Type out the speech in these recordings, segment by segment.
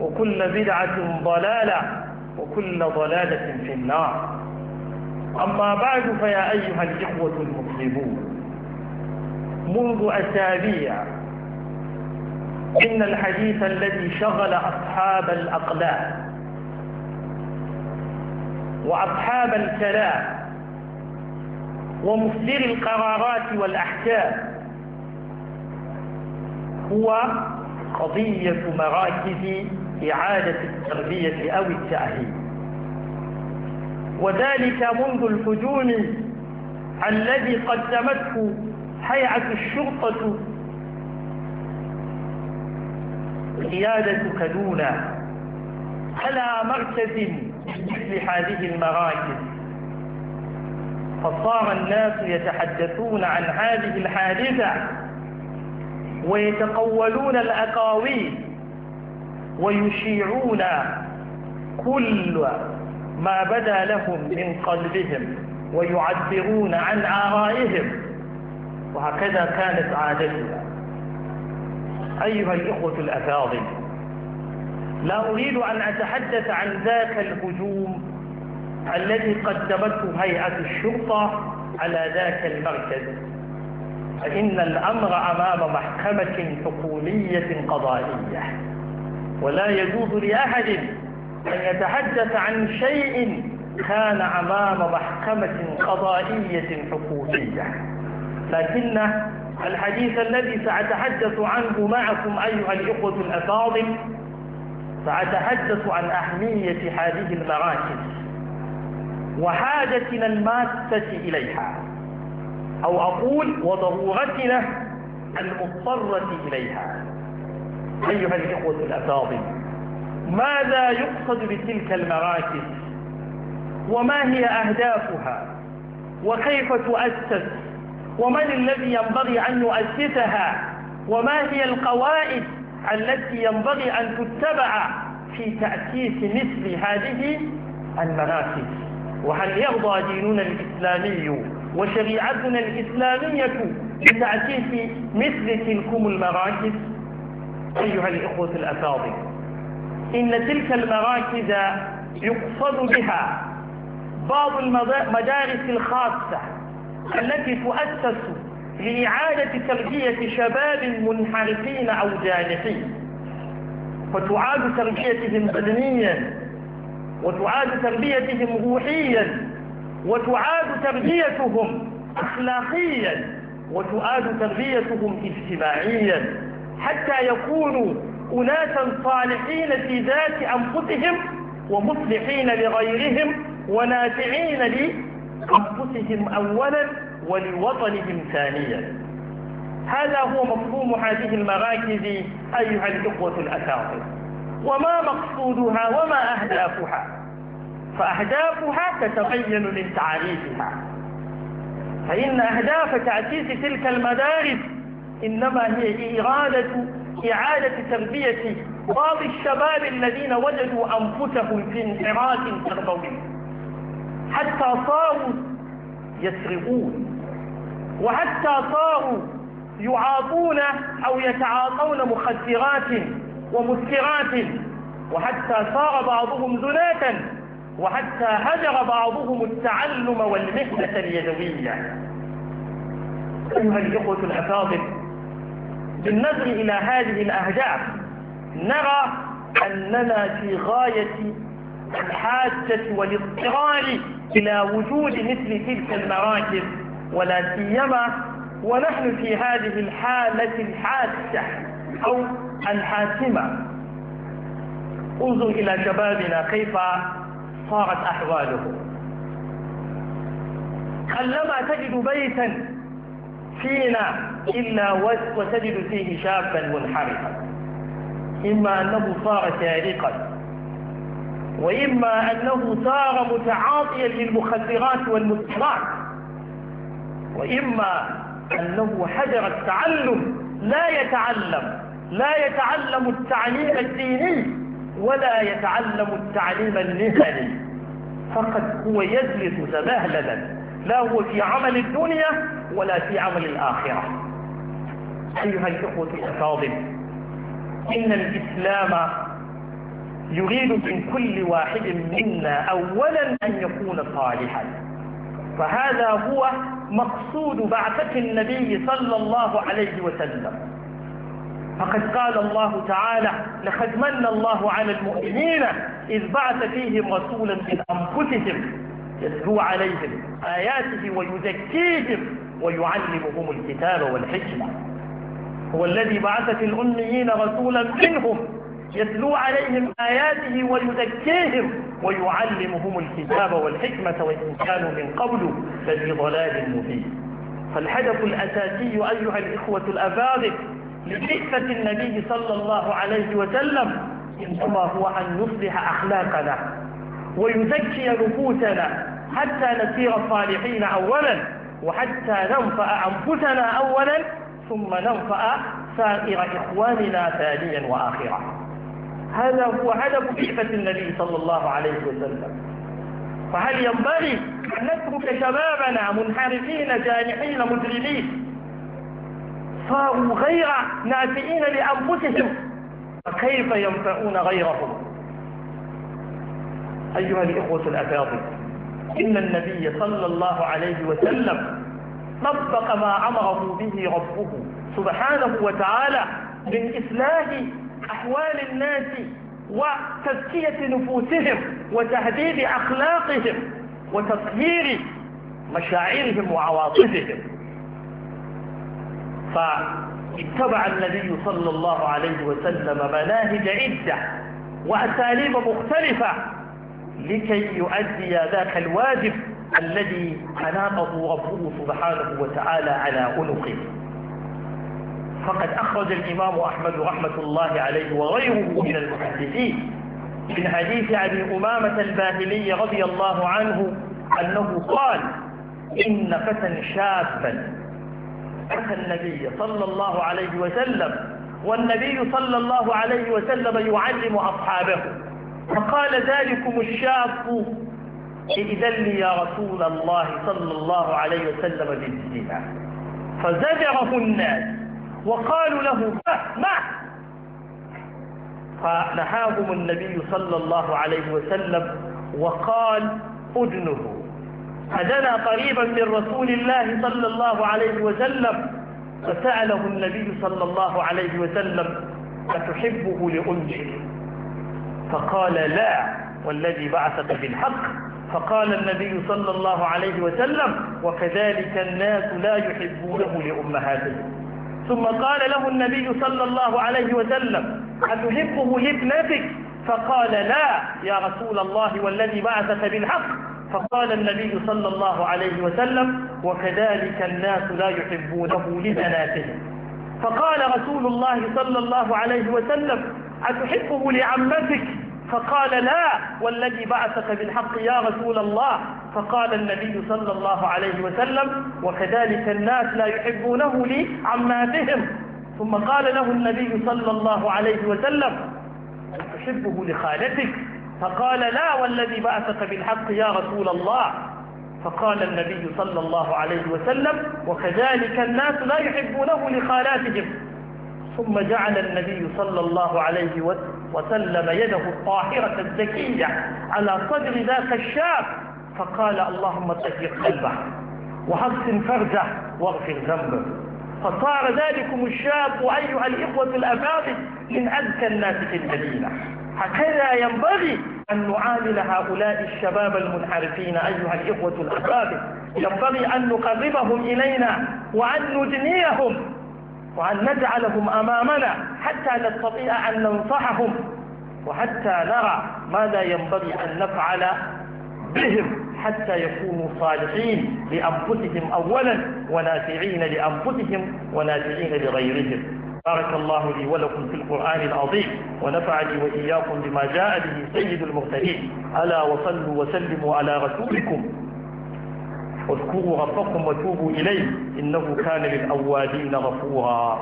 وكل بدعة ضلالة وكل ضلالة في النار أما بعد فيا أيها الإخوة المسلمون منذ أسابيع إن الحديث الذي شغل أصحاب الأقلام وأصحاب الكلام ومصدر القرارات والأحكام هو قضية مراكز إعادة التربية أو التأهيل وذلك منذ الهجوم الذي قدمته هيئة الشرطة قيادة كدونا على مركز مثل هذه المراكز فصار الناس يتحدثون عن هذه الحادثة ويتقولون الأقاويل ويشيعون كل ما بدا لهم من قلبهم ويعبرون عن آرائهم وهكذا كانت عادتنا أيها الإخوة الأفاضل لا أريد أن أتحدث عن ذاك الهجوم الذي قدمته هيئة الشرطة على ذاك المركز فإن الأمر أمام محكمة حكومية قضائية ولا يجوز لأحد أن يتحدث عن شيء كان أمام محكمة قضائية حقوقية لكن الحديث الذي سأتحدث عنه معكم أيها الإخوة الأفاضل سأتحدث عن أهمية هذه المراكز وحاجتنا الماسة إليها أو أقول وضرورتنا المضطرة إليها أيها الإخوة الأفاضل ماذا يقصد بتلك المراكز وما هي أهدافها وكيف تؤسس ومن الذي ينبغي أن يؤسسها وما هي القواعد التي ينبغي أن تتبع في تأسيس مثل هذه المراكز وهل يرضى ديننا الإسلامي وشريعتنا الإسلامية بتأسيس مثل تلكم المراكز أيها الإخوة الأفاضل إن تلك المراكز يقصد بها بعض المدارس الخاصة التي تؤسس لإعادة تربية شباب منحرفين أو جانحين وتعاد تربيتهم بدنيا وتعاد تربيتهم روحيا وتعاد تربيتهم أخلاقيا وتعاد تربيتهم اجتماعيا حتى يكونوا أناسا صالحين في ذات أنفسهم ومصلحين لغيرهم ونافعين لأنفسهم أولا ولوطنهم ثانيا هذا هو مفهوم هذه المراكز أيها الإخوة الأساطير وما مقصودها وما أهدافها فأهدافها تتبين من تعريفها فإن أهداف تأسيس تلك المدارس إنما هي إرادة إعادة تربية بعض الشباب الذين وجدوا أنفسهم في انحراف تربوي حتى صاروا يسرقون وحتى صاروا يعاطون أو يتعاطون مخدرات ومسكرات وحتى صار بعضهم زناة وحتى هجر بعضهم التعلم والمهنة اليدوية أيها الإخوة الأفاضل بالنظر إلى هذه الأهداف نرى أننا في غاية الحاجة والاضطرار إلى وجود مثل تلك المراكز ولا سيما ونحن في هذه الحالة الحاسة أو الحاسمة انظر إلى شبابنا كيف صارت أحواله لما تجد بيتا فينا إلا وتجد فيه شابا منحرفا إما أنه صار سارقا وإما أنه صار متعاطيا للمخدرات والمسكرات وإما أنه حجر التعلم لا يتعلم لا يتعلم التعليم الديني ولا يتعلم التعليم المهني فقد هو يجلس تبهللا لا هو في عمل الدنيا ولا في عمل الآخرة أيها الإخوة الأفاضل إن الإسلام يريد من كل واحد منا أولا أن يكون صالحا فهذا هو مقصود بعثة النبي صلى الله عليه وسلم فقد قال الله تعالى لقد من الله على المؤمنين إذ بعث فيهم رسولا من أنفسهم يتلو عليهم آياته ويزكيهم ويعلمهم الكتاب والحكمة هو الذي بعث في الأميين رسولا منهم يتلو عليهم آياته ويزكيهم ويعلمهم الكتاب والحكمة وإن كانوا من قبل ففي ضلال مبين فالهدف الأساسي أيها الإخوة الأفاضل لبعثة النبي صلى الله عليه وسلم إنما هو أن يصلح أخلاقنا ويزكي نفوسنا حتى نسير الصالحين أولا وحتى ننفأ أنفسنا أولا ثم ننفأ سائر إخواننا ثانيا وآخرا هذا هو هدف بعثة النبي صلى الله عليه وسلم فهل ينبغي أن نترك شبابنا منحرفين جانحين مجرمين صاروا غير نافئين لأنفسهم فكيف ينفعون غيرهم أيها الإخوة الأفاضل إن النبي صلى الله عليه وسلم طبق ما أمره به ربه سبحانه وتعالى من إصلاح أحوال الناس وتزكية نفوسهم وتهذيب أخلاقهم وتطهير مشاعرهم وعواطفهم فاتبع النبي صلى الله عليه وسلم مناهج عدة وأساليب مختلفة لكي يؤدي ذاك الواجب الذي أناقه ربه سبحانه وتعالى على عنقه فقد أخرج الإمام أحمد رحمة الله عليه وغيره من المحدثين من حديث أبي أمامة الباهلي رضي الله عنه أنه قال إن فتى شابا أتى النبي صلى الله عليه وسلم والنبي صلى الله عليه وسلم يعلم أصحابه فقال ذلكم الشاب إذن لي يا رسول الله صلى الله عليه وسلم بالسلعة فزجره الناس وقالوا له مع فنهاهم النبي صلى الله عليه وسلم وقال أدنه فدنا قريبا من رسول الله صلى الله عليه وسلم فسأله النبي صلى الله عليه وسلم أتحبه لأنجله فقال لا والذي بعثك بالحق فقال النبي صلى الله عليه وسلم وكذلك الناس لا يحبونه لأمهاتهم ثم قال له النبي صلى الله عليه وسلم أتحبه لابنتك فقال لا يا رسول الله والذي بعثك بالحق فقال النبي صلى الله عليه وسلم وكذلك الناس لا يحبونه لبناتهم فقال رسول الله صلى الله عليه وسلم أتحبه لعمتك فقال لا والذي بعثك بالحق يا رسول الله فقال النبي صلى الله عليه وسلم وكذلك الناس لا يحبونه لعماتهم ثم قال له النبي صلى الله عليه وسلم أن تحبه لخالتك فقال لا والذي بعثك بالحق يا رسول الله فقال النبي صلى الله عليه وسلم وكذلك الناس لا يحبونه لخالاتهم ثم جعل النبي صلى الله عليه وسلم وسلم يده الطاهرة الزكية على صدر ذاك الشاب فقال اللهم طهر قلبه وحسن فرجه واغفر ذنبه فصار ذلكم الشاب أيها الإخوة الأفاضل من أذكى الناس في المدينة هكذا ينبغي أن نعامل هؤلاء الشباب المنحرفين أيها الإخوة الأفاضل ينبغي أن نقربهم إلينا وأن ندنيهم وأن نجعلهم أمامنا حتى نستطيع أن ننصحهم وحتى نرى ماذا ينبغي أن نفعل بهم حتى يكونوا صالحين لأنفسهم أولا ونافعين لأنفسهم ونافعين لغيرهم بارك الله لي ولكم في القرآن العظيم ونفعني وإياكم بما جاء به سيد المرسلين ألا وصلوا وسلموا على رسولكم واذكروا ربكم وتوبوا إليه إنه كان للأوابين غفورا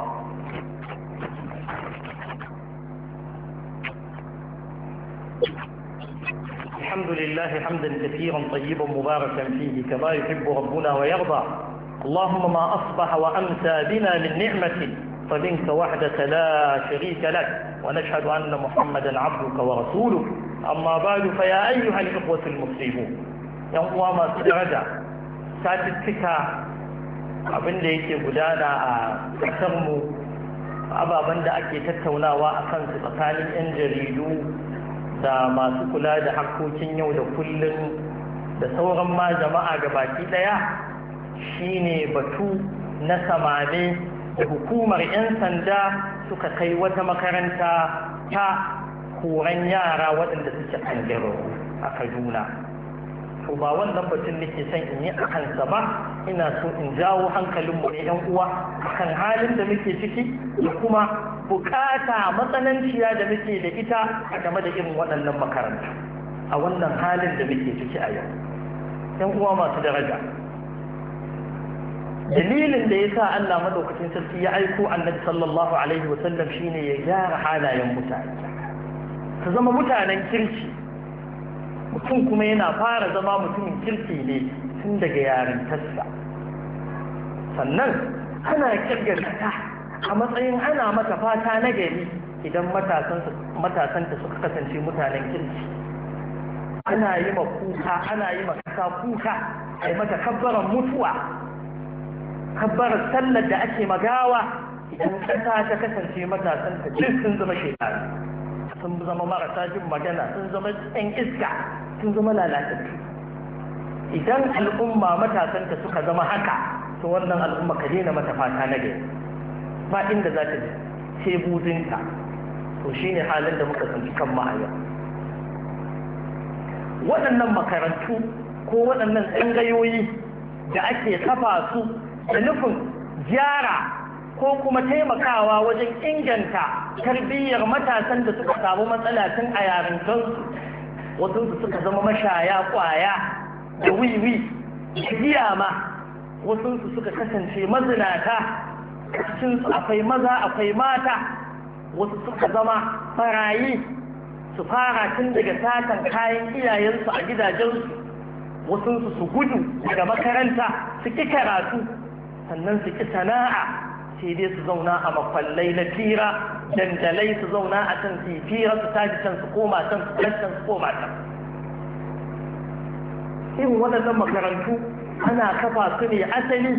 الحمد لله حمدا كثيرا طيبا مباركا فيه كما يحب ربنا ويرضى اللهم ما أصبح وأمسى بنا من نعمة فمنك وحدك لا شريك لك ونشهد أن محمدا عبدك ورسولك أما بعد فيا أيها الإخوة المسلمون يوم ما درجة ساتتك abin أبن ليك بدانا أكرم آه، أبا ababen da تتونا tattaunawa a kansu da masu kula da harkokin yau da kullum da sauran ma jama'a ga baki ɗaya shine batu na samane da hukumar 'yan sanda suka kai wata makaranta ta koran yara waɗanda suke an a kaduna to ba wannan batun nake son in yi a kansa ba ina so in jawo hankalin mu yan uwa akan halin da muke ciki da kuma bukata matsananciya da muke da ita a game da irin waɗannan makaranta a wannan halin da muke ciki a yau yan uwa masu daraja dalilin da ya sa Allah madaukakin sarki ya aiko annabi sallallahu alaihi Sallam shine ya gyara halayen mutane ka zama mutanen kirki mutum kuma yana fara zama mutumin kirki ne tun daga yarintarsa sannan ana kirga a matsayin ana mata fata na gari idan matasanta suka kasance mutanen kirki ana yi ma kuka ana yi ma kasa kuka a mata kabbaran mutuwa kabbaran sallar da ake magawa idan kasa ta kasance matasanta duk sun zama shekaru sun zama marasa jin magana sun zama yan iska sun zama lalatattu idan al'umma matasanta suka zama haka to wannan al'umma ka daina mata fata na gari ba inda za ta ce buzinta to shine halin da muka tsinci kan a waɗannan makarantu ko waɗannan tsangayoyi da ake kafa su da nufin gyara ko kuma taimakawa wajen inganta tarbiyyar matasan da suka samu matsala tun a yarintansu wasu su suka zama mashaya kwaya da wiwi da ma wasu su suka kasance mazinata cikin su akwai maza akwai mata wasu suka zama farayi su fara tun daga satan kayan iyayensu a gidajensu wasu su gudu daga makaranta su ki karatu sannan su ki sana'a sai dai su zauna a makwallai na fira dandalai su zauna a can su su tashi can su koma can su can su koma can irin waɗannan makarantu ana kafa su ne asali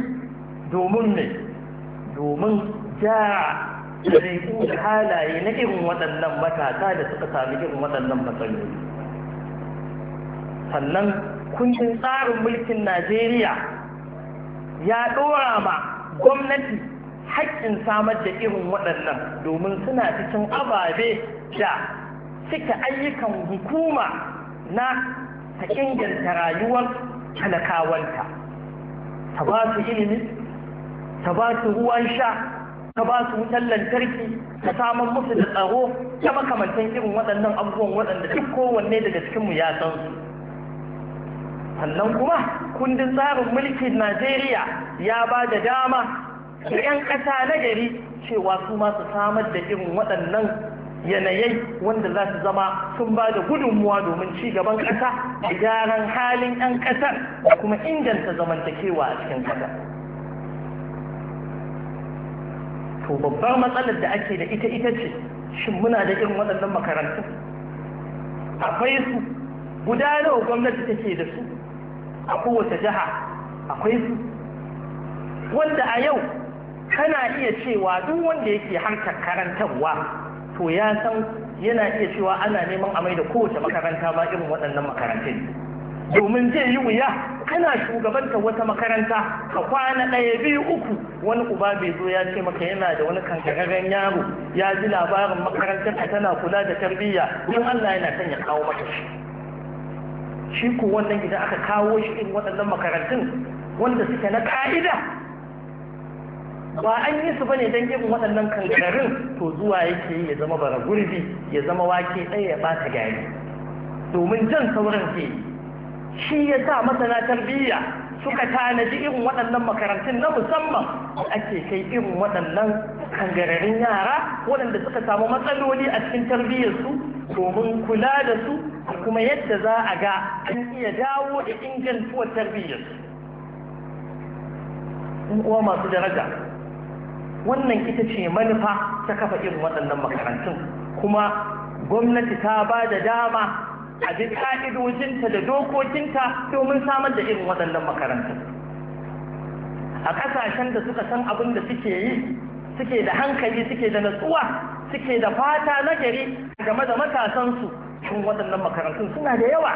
domin ne domin ja da halaye na irin waɗannan matasa da suka sami irin waɗannan matsaloli sannan kundin tsarin mulkin najeriya ya ɗora ma gwamnati haƙƙin samar da irin waɗannan domin suna cikin ababe da cike ayyukan hukuma na ta inganta rayuwar talakawanta ta ba su ilimi ta ba su ruwan sha ta ba su wutar lantarki ta samun musu da tsaro ta makamantan irin waɗannan abubuwan waɗanda duk kowanne daga cikinmu ya san su sannan kuma kundin tsarin mulkin najeriya ya ba da dama da 'yan ƙasa na gari cewa su ma su samar da irin waɗannan yanayai wanda za su zama sun ba da gudunmuwa domin ci gaban ƙasa da gyaran halin 'yan ƙasar da kuma inganta zamantakewa a cikin ƙasa. To babbar matsalar da ake da ita ita ce, shin muna da irin waɗannan makarantun? Akwai su, guda nawa gwamnati take da su, a kowace jiha akwai su, wanda a yau kana iya cewa duk wanda yake harkar karantarwa to ya san yana iya cewa ana neman a maida kowace makaranta ba irin waɗannan makarantun domin zai yi wuya kana shugabanta wata makaranta ka kwana ɗaya biyu uku wani uba bai zo ya ce maka yana da wani kankararren yaro ya ji labarin makarantar ka tana kula da tarbiyya don Allah yana son ya kawo maka shi shi ko wannan idan aka kawo shi irin waɗannan makarantun wanda suke na ka'ida ba an yi su bane don irin waɗannan kankarin to zuwa yake yi ya zama bara gurbi ya zama wake ɗaya ya ɓata gari domin jan sauran ke shi ya sa masana tarbiyya suka tanaji irin waɗannan makarantun na musamman ake kai irin waɗannan kangararin yara waɗanda suka samu matsaloli a cikin tarbiyyarsu domin kula da su kuma yadda za a ga an iya dawo da ingantuwar tarbiyyarsu. uwa masu daraja wannan ita ce manufa ta kafa irin waɗannan makarantun kuma gwamnati ta ba da dama a bi ka'idojinta da dokokinta domin samar da irin waɗannan makarantun a ƙasashen da suka san abin da suke yi suke da hankali suke da natsuwa suke da fata na gari game da matasansu cikin waɗannan makarantun suna da yawa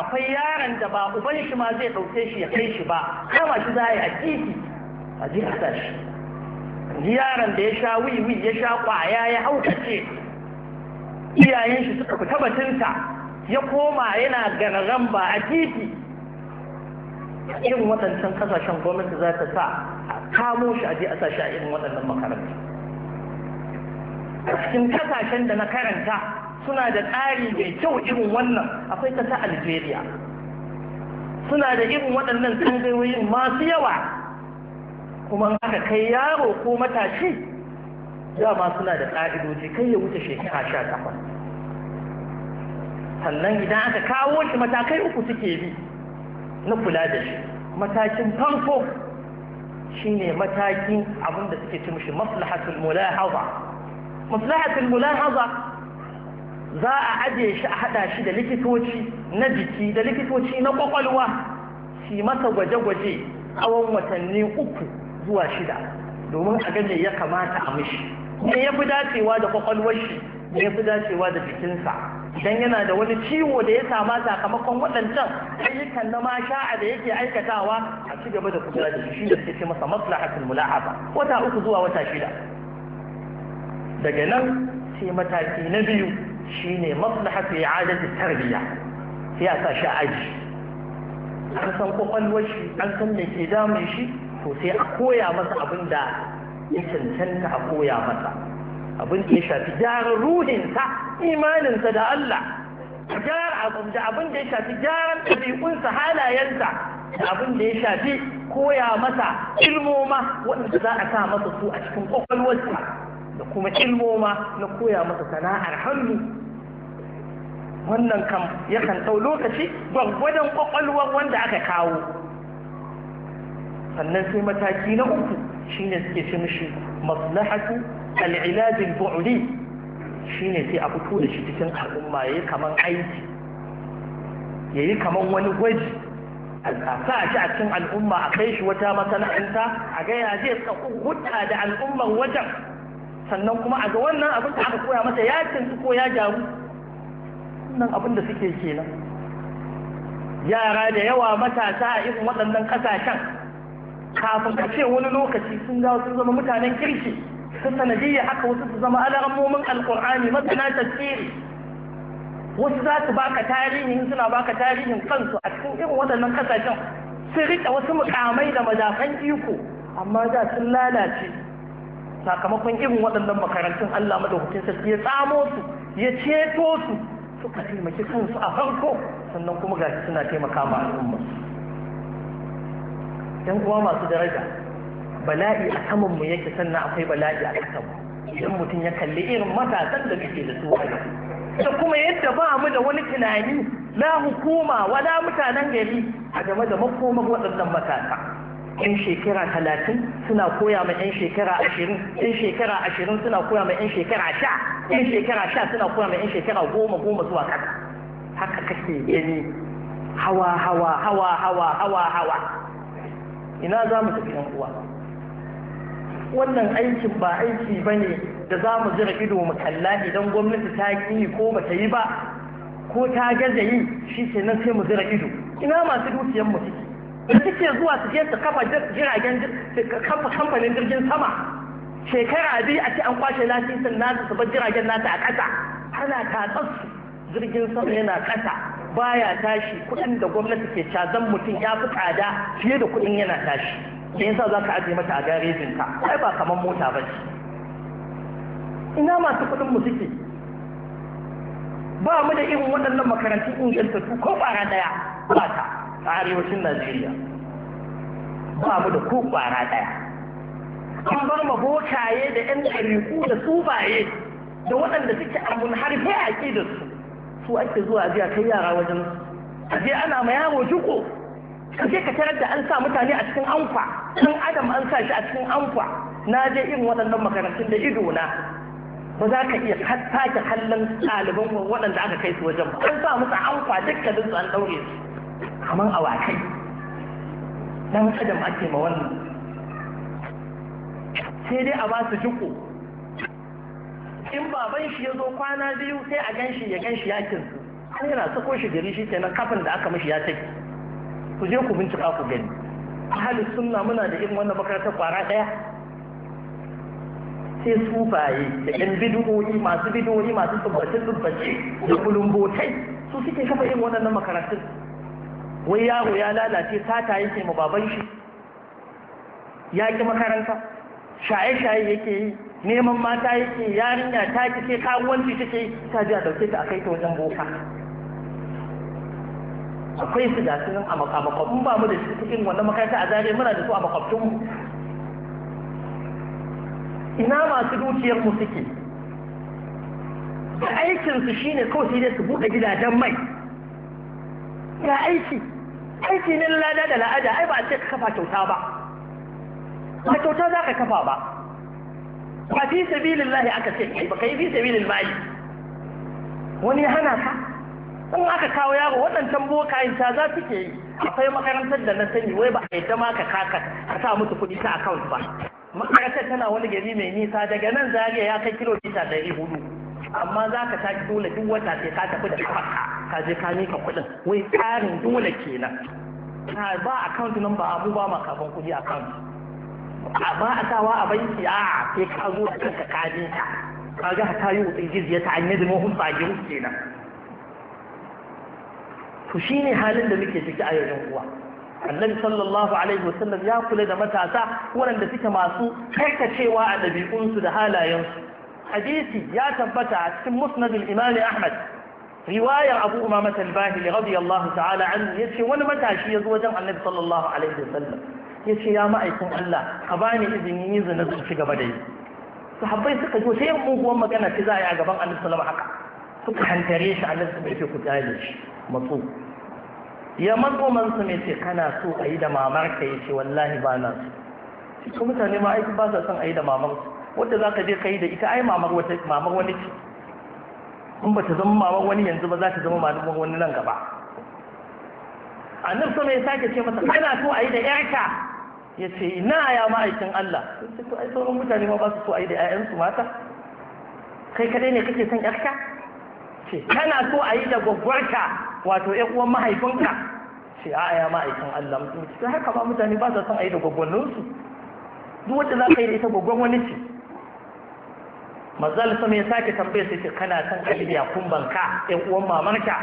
akwai yaron da ba uban ma zai ɗauke shi ya kai shi ba kama shi za a yi a titi a je a shi yaron da ya sha wiwi ya sha kwaya ya haukace iyayen shi suka fita batunsa ya koma yana ganaran ba a titi irin waɗancan kasashen gwamnati za ta sa a kamo shi aje a sa a irin waɗannan makaranta. a cikin kasashen da na karanta suna da tsari mai kyau irin wannan akwai ta ta algeria suna da irin waɗannan tsangayoyin masu yawa kuma haka kai yaro ko matashi dama suna da ƙa'idoji kai ya wuce shekara sha takwas sannan idan aka kawo shi matakai uku suke bi na kula da shi matakin farko shine matakin abin da suke cimshi maslahatul mulahaza maslahatul mulahaza za a ajiye shi a hada shi da likitoci na jiki da likitoci na kwakwalwa shi masa gwaje-gwaje tsawon watanni uku zuwa shida domin a gane ya kamata a mishi me ya fi dacewa da kwakwalwar shi ne ya fi dacewa da jikinsa idan yana da wani ciwo da ya sama sakamakon waɗancan ayyukan na a da yake aikatawa a ci gaba da kudura da shi da suke masa maslahatul mulahaba wata uku zuwa wata shida daga nan sai mataki na biyu shine maslahatu da tarbiyya sai a sa shi aji an san kwakwalwar shi an san me ke damun shi to sai a koya masa abin da ya cancanta a koya masa abin da ya shafi gyaran ruhinsa imaninsa da Allah da abin da ya shafi gyaran ɗabi'unsa halayensa da abin da ya shafi koya masa ilmoma waɗanda za a sa masa su a cikin ƙwaƙwalwarsa da kuma ilmoma na koya masa sana'ar hannu wannan kam yakan ɗau lokaci gwaggwadon ƙwaƙwalwar wanda aka kawo sannan sai mataki na uku shine suke ce mishi maslahatu al-ilaj al shine sai a fito da shi cikin al'umma ya yi kaman aiki ya yi kaman wani gwaji a sa shi a cikin al'umma a kai shi wata masana'anta a ga ya zai hudda da al'ummar wajen sannan kuma a ga wannan abin da aka koya masa ya cinci ko ya jaru wannan abin da suke kenan yara da yawa matasa a irin waɗannan ƙasashen kafin ka ce wani lokaci sun dawo sun zama mutanen kirki ta sanadiyya haka wasu su zama alamomin alkur'ani masana tafsiri wasu za su baka tarihin suna baka tarihin kansu a cikin irin waɗannan kasashen su riƙe wasu mukamai da madafan iko amma da sun lalace sakamakon irin waɗannan makarantun Allah madaukakin sarki ya tsamo su ya ceto su suka taimaki kansu a farko sannan kuma ga suna taimaka ma al'umma yan uwa masu daraja bala'i a saman mu yake sannan akwai bala'i a kasan idan mutum ya kalli irin matasan da muke da su a da kuma yadda ba mu da wani tunani na hukuma wala mutanen gari a game da makomar waɗannan matasa yan shekara talatin suna koya ma yan shekara ashirin yan shekara ashirin suna koya ma yan shekara sha yan shekara sha suna koya ma yan shekara goma goma zuwa kasa haka kake gani hawa hawa hawa hawa hawa hawa ina za mu tafi yan uwa wannan aikin ba aiki ba ne da za mu zira ido mu kalla idan gwamnati ta yi ko ba ta yi ba ko ta gaza yi shi ke nan sai mu zira ido ina masu dukiyar mu suke da suke zuwa su je kafa jiragen kamfanin jirgin sama shekara biyu a ce an kwashe lasisin nasu su bar jiragen nata a ƙasa ana tatsar su jirgin sama yana ƙasa baya tashi kuɗin da gwamnati ke cazan mutum ya fi tsada fiye da kuɗin yana tashi me yasa za ka ajiye mata a garejin ka ai ba kamar mota ba ce ina masu kuɗin mu suke ba mu da irin waɗannan makarantun ingantattu ko ƙwara ɗaya ba ta a arewacin najeriya ba mu da ko ƙwara ɗaya an bar ma bokaye da 'yan ɗariku da subaye da waɗanda suke amun har a ƙi da su su ake zuwa a jiya kai yara wajen a je ana ma yaro jiko ka je ka tarar da an sa mutane a cikin amfa ɗan adam an sa shi a cikin amfa na je irin waɗannan makarantun da ido na ba za ka iya sake kallon ɗaliban waɗanda aka kai su wajen ba an sa musu amfa dukkanin su an ɗaure su kamar awakai dan adam ake ma wannan sai dai a ba su jiko in baban shi ya zo kwana biyu sai a gan shi ya gan shi ya kinsu an yana sako shi gari shi kenan kafin da aka mashi ya take ku je ku bincika ku gani ahalus sunna muna da irin wannan makarantar kwara daya sai sufaye da yan bidiyoyi masu bidiyoyi masu tsubbace tsubbace da kulumbotai su suke kafa irin wannan makarantun wai yaro ya lalace sata yake ma baban shi ya ki makaranta shaye-shaye yake yi neman mata yake yarinya ta ki sai kawuwanci take ta ji a dauke ta a kai ta wajen boka akwai su da sunan a makwabin ba mu da su cikin wanda makaranta a zare muna da su a makwabtun ina masu dukiyar mu suke da aikin su shine kawai sai dai su buɗe gidajen mai ga aiki aiki ne lada da la'ada ai ba a ce ka kafa kyauta ba ba kyauta za ka kafa ba ba fi lahi aka ce kai ba kai fi lahi wani hana ka in aka kawo yaro waɗancan bokayen ta za su ke yi akwai makarantar da na sani wai ba a yadda ma ka kaka a sa musu kuɗi ta account ba makarantar tana wani gari mai nisa daga nan zariya ya kai kilomita dari hudu amma za ka tafi dole duk wata sai ka tafi da kafa ka je ka mika kuɗin wai tsarin dole kenan ba account number abu ba ma kafin kuɗi account ba a sawa a banki a sai ka zo da kanka ka je ta ka ga ta yi wutsin jizya ta an yi da mahun bagiru kenan to ne halin da muke ciki a yau uwa annabi sallallahu alaihi wasallam ya kula da matasa waɗanda suke masu karkacewa a ɗabi'unsu da halayensu hadisi ya tabbata a cikin musnadul imami ahmad riwayar abu umamah al-bahili radiyallahu ta'ala anhu yace wani matashi ya zo wajen annabi sallallahu alaihi wasallam ya ce ya ma'aikin Allah a ni izini yi zina zan ci gaba da yi sahabbai suka zo sai muguwan magana ce za a yi a gaban annabi sallallahu haka suka hantare shi annabi sallallahu alaihi ku tsale shi matsu ya matso man su mai ce kana so a yi da mamar ka ce wallahi ba na so ko mutane ma aiki ba sa son a yi da mamar su wanda za ka je ka yi da ita ai mamar wata mamar wani ce in ba ta zama mamar wani yanzu ba za ta zama mamar wani nan gaba annabi sallallahu alaihi ya sake ce masa kana so a yi da yarka ya ce ina ya ma'aikin Allah sai to ai sauran mutane ma ba su so ai da 'ya'yansu mata kai kadai ne kake son yarka ce kana so a yi da gwaggwarka wato ƴan uwan mahaifinka ce a ya ma'aikin Allah mutum ce haka ba mutane ba su son a yi da gwaggwarninsu duk wanda za ka yi da ita gwaggwar wani ce mazal sama ya sake tambaya sai ce kana son alibiya kumbanka ƴan uwan mamarka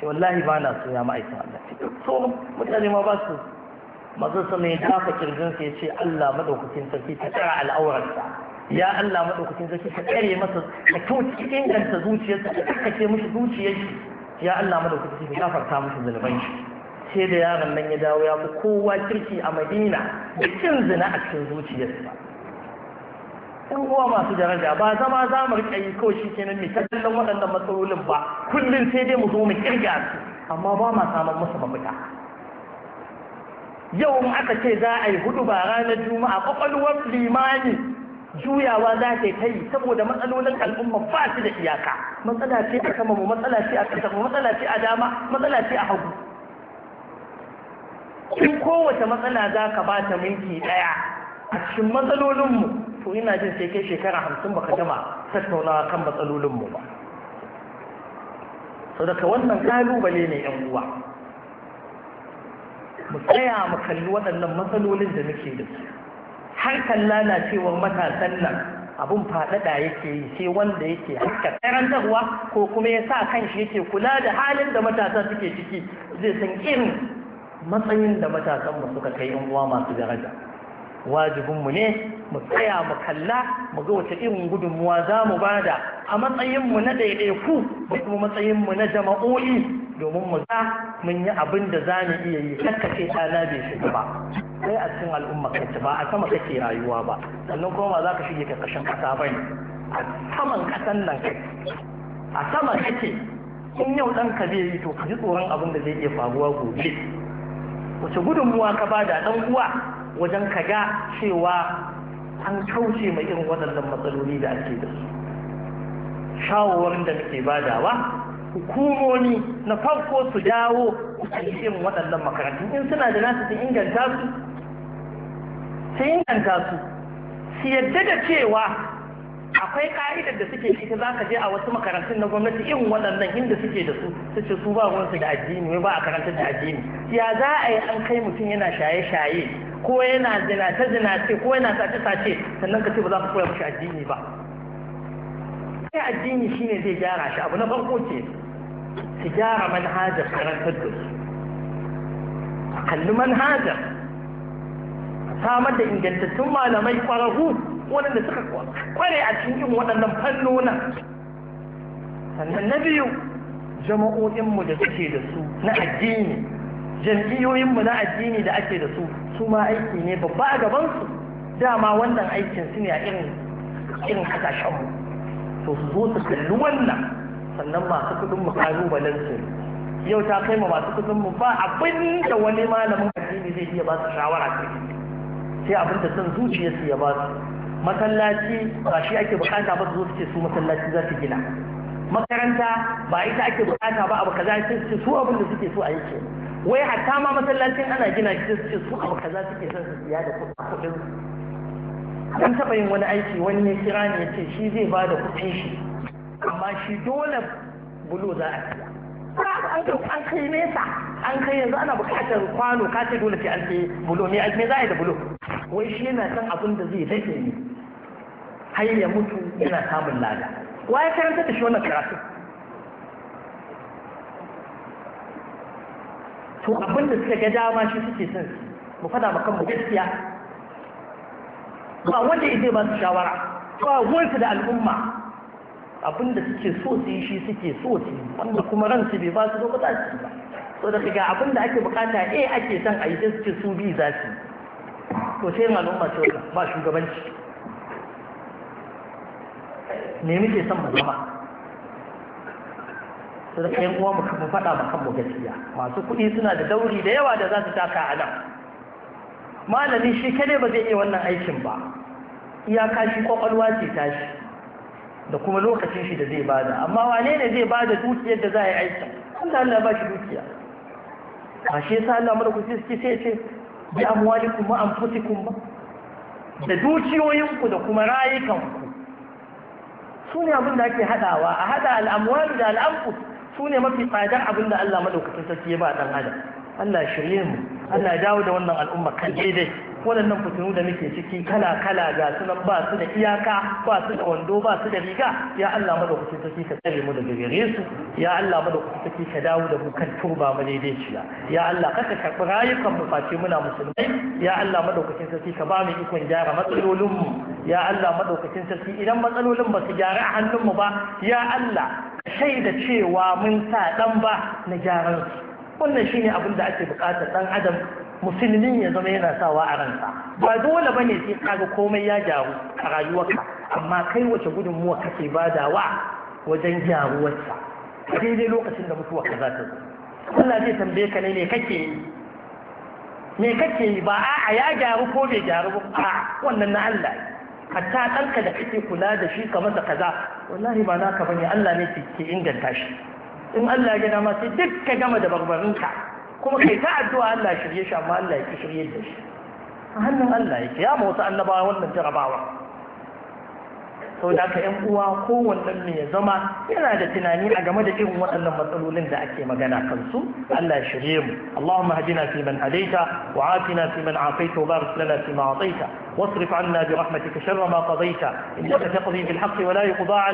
ce wallahi ba na so ya ma'aikin Allah ce so mutane ma ba su mazan sama dafa kirjinsa ya ce Allah madaukakin sarki ta tsara al'aurarsa ya Allah madaukakin sarki ta tsare masa ka kauce inganta zuciyarsa ka kakkace mishi zuciyar shi ya Allah madaukakin sarki ka gafarta mishi zulubin shi sai da yaron nan ya dawo ya fi kowa kirki a Madina da cin zina a cikin zuciyarsa ɗan uwa masu daraja ba zama za mu riƙa yi kawai shi kenan mai kallon waɗannan matsalolin ba kullum sai dai mu zo mu kirga su amma ba ma samun masa mafita yau in aka ce za a yi hudu ba ranar juma'a kwakwalwar limani juyawa za ta ta saboda matsalolin al'umma ba su da iyaka matsala ce a sama mu matsala ce a ƙasa mu matsala ce a dama matsala ce a hagu in kowace matsala za ka ba ta minti ɗaya a cikin matsalolinmu to ina jin sai kai shekara hamsin baka jama tattaunawa kan matsalolinmu ba sadaka wannan kalubale ne yan uwa mu tsaya mu kalli waɗannan matsalolin da muke da su har kan lalacewar matasan nan abin faɗaɗa yake yi sai wanda yake haka karantarwa ko kuma ya sa kanshi yake kula da halin da matasa suke ciki zai san irin matsayin da matasan mu suka kai yan uwa masu daraja wajibinmu ne mu tsaya mu kalla mu ga wace irin gudunmuwa za mu bada a matsayinmu na ɗaiɗaiku da kuma matsayinmu na jama'o'i domin mu za mun yi abin da za mu iya yi kan kace ɗana bai shiga ba sai a cikin al'umma kace ba a sama kake rayuwa ba sannan kuma ba za ka shige karkashin ƙasa ba ne a saman ƙasan nan kai a sama kake in yau ɗanka zai yi to ka ji tsoron abin da zai iya faruwa gobe wace gudunmuwa ka ba da ɗan uwa wajen ka ga cewa an kauce mai irin waɗannan matsaloli da ake da su shawarwarin da muke badawa hukumomi na farko su dawo su irin waɗannan makarantu in suna da nasu su inganta su su inganta su su yadda da cewa akwai ka'idar da suke ita za ka je a wasu makarantun na gwamnati irin waɗannan inda suke da su su ce su ba wansu da addini wai ba a karantar da addini ya za a yi an kai mutum yana shaye-shaye ko yana zinace-zinace ko yana sace-sace sannan ka ce ba za ka koya mushi addini ba sai addini shine zai gyara shi abu na farko ce su gyara manhajar karantar da a kalli manhajar samar da ingantattun malamai kwararru waɗanda suka kware a cikin waɗannan fannonin sannan na biyu jama'o'inmu da suke da su na addini jam'iyyoyinmu na addini da ake da su su ma aiki ne babba a gabansu dama wannan aikin su ne a irin irin kasashenmu to su zo su kalli wannan sannan masu kudin mu kalubalen su yau ta kai ma masu kudin mu ba abin da wani malamin addini zai iya ba su shawara ta sai abin da son zuciyarsu ya ba su masallaci ba shi ake bukata ba su zo su ce su masallaci za su gina makaranta ba ita ake bukata ba abu kaza sai su su abin da suke so a yake wai hatta ma masallacin ana gina shi su ce su abu kaza suke son su siya da kuɗin an taɓa yin wani aiki wani ya kira ne ya ce shi zai ba da kuɗin shi amma shi dole bulo za a siya an kai nesa an kai yanzu ana bukatar kwano ka ce dole sai an kai bulo ne me za a yi da bulo wai shi yana san abin da zai dace ne har ya mutu yana samun lada wa ya karanta da shi wannan karatu to abin da suka ga dama shi suke son mu fada ma kanmu gaskiya ba wanda ya zai ba su shawara ba wansu da al'umma abinda suke so su yi shi suke so su yi wanda kuma su bai ba su zo ba su ba so da abin abinda ake bukata a ake son a yi sai suke su bi za su yi to sai malumma ce ba shugabanci ne muke son mu zama su da kayan uwa mu faɗa mu kanmu gaskiya masu kuɗi suna da dauri da yawa da za su taka a nan malami shi kadai ba zai iya wannan aikin ba iyaka shi kwakwalwa ce tashi da kuma lokacin shi da zai bada amma wane ne zai bada dukiyar da za a yi aikin Allah Allah ba shi dukiya a shi sa Allah mara kusur suke sai ce bi kuma an fusi kuma da dukiyoyinku da kuma rayukanku su ne abin da ake hadawa a hada al'amwal da al'amku su ne mafi tsadar abin da Allah mara sarki ya ba ɗan adam Allah shirye mu Allah dawo da wannan al'umma kan daidai waɗannan fitinu da muke ciki kala kala ga su nan ba su da iyaka ba su da wando ba su da riga ya Allah madaukakin sarki ka tsare mu daga gare su ya Allah madaukakin sarki ka dawo da mu kan turba mu daidaiciya ya Allah ka ka karɓi rayukan mu face muna musulmai ya Allah madaukakin sarki ka ba mu ikon gyara matsalolin mu ya Allah madaukakin sarki idan matsalolin ba su gyara a hannun mu ba ya Allah shaida cewa mun sa dan ba na gyaran su wannan shine abin da ake bukatar dan adam musulmi ya zama yana sawa a ransa ba dole ba ne sai kaga komai ya gyaru a rayuwarka amma kai wace gudunmuwa kake badawa wajen gyaruwarsa a daidai lokacin da mutuwa ka za ta zo Allah zai tambaye ka ne me kake yi me kake yi ba a ya gyaru ko bai gyaru ba a wannan na Allah hatta ɗanka da kake kula da shi kamar da kaza wallahi ba naka bane Allah ne ke inganta shi in Allah ya dama sai duk ka gama da barbarinka kuma kai ta addu'a Allah ya shirye shi amma Allah ya ki shirye da shi a hannun Allah ya ya ma wasu annabawa wannan jarabawa sau da ka ‘yan uwa kowannen ne ya zama yana da tunani a game da irin waɗannan matsalolin da ake magana kansu Allah ya shirye mu Allahumma hadina fi man hadaita wa afina fi man afaita wa barik lana fi ma ataita wasrif anna bi rahmatika sharra ma qadaita innaka taqdi bil haqqi wa la yuqda